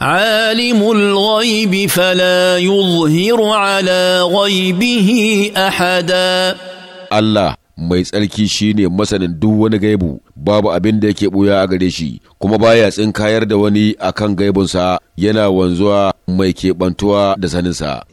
عالم الغيب فلا يظهر على غيبه أحدا الله mai tsarki shine masanin duk wani gaibu babu abin da yake ɓuya a gare shi kuma baya tsinkayar da wani akan gaibunsa yana wanzuwa mai keɓantuwa da saninsa